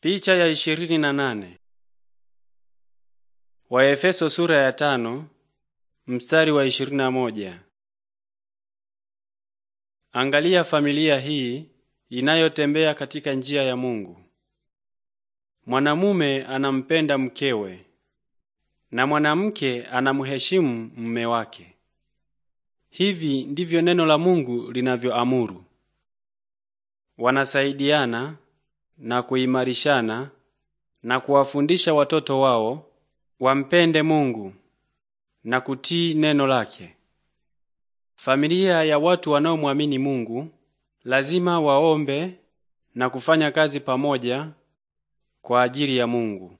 Picha ya ishirini na nane. Waefeso sura ya tano mstari wa ishirini na moja. Angalia familia hii inayotembea katika njia ya Mungu. Mwanamume anampenda mkewe na mwanamke anamheshimu mume wake. Hivi ndivyo neno la Mungu linavyoamuru. Wanasaidiana na kuimarishana na kuwafundisha watoto wao wampende Mungu na kutii neno lake. Familia ya watu wanaomwamini Mungu lazima waombe na kufanya kazi pamoja kwa ajili ya Mungu.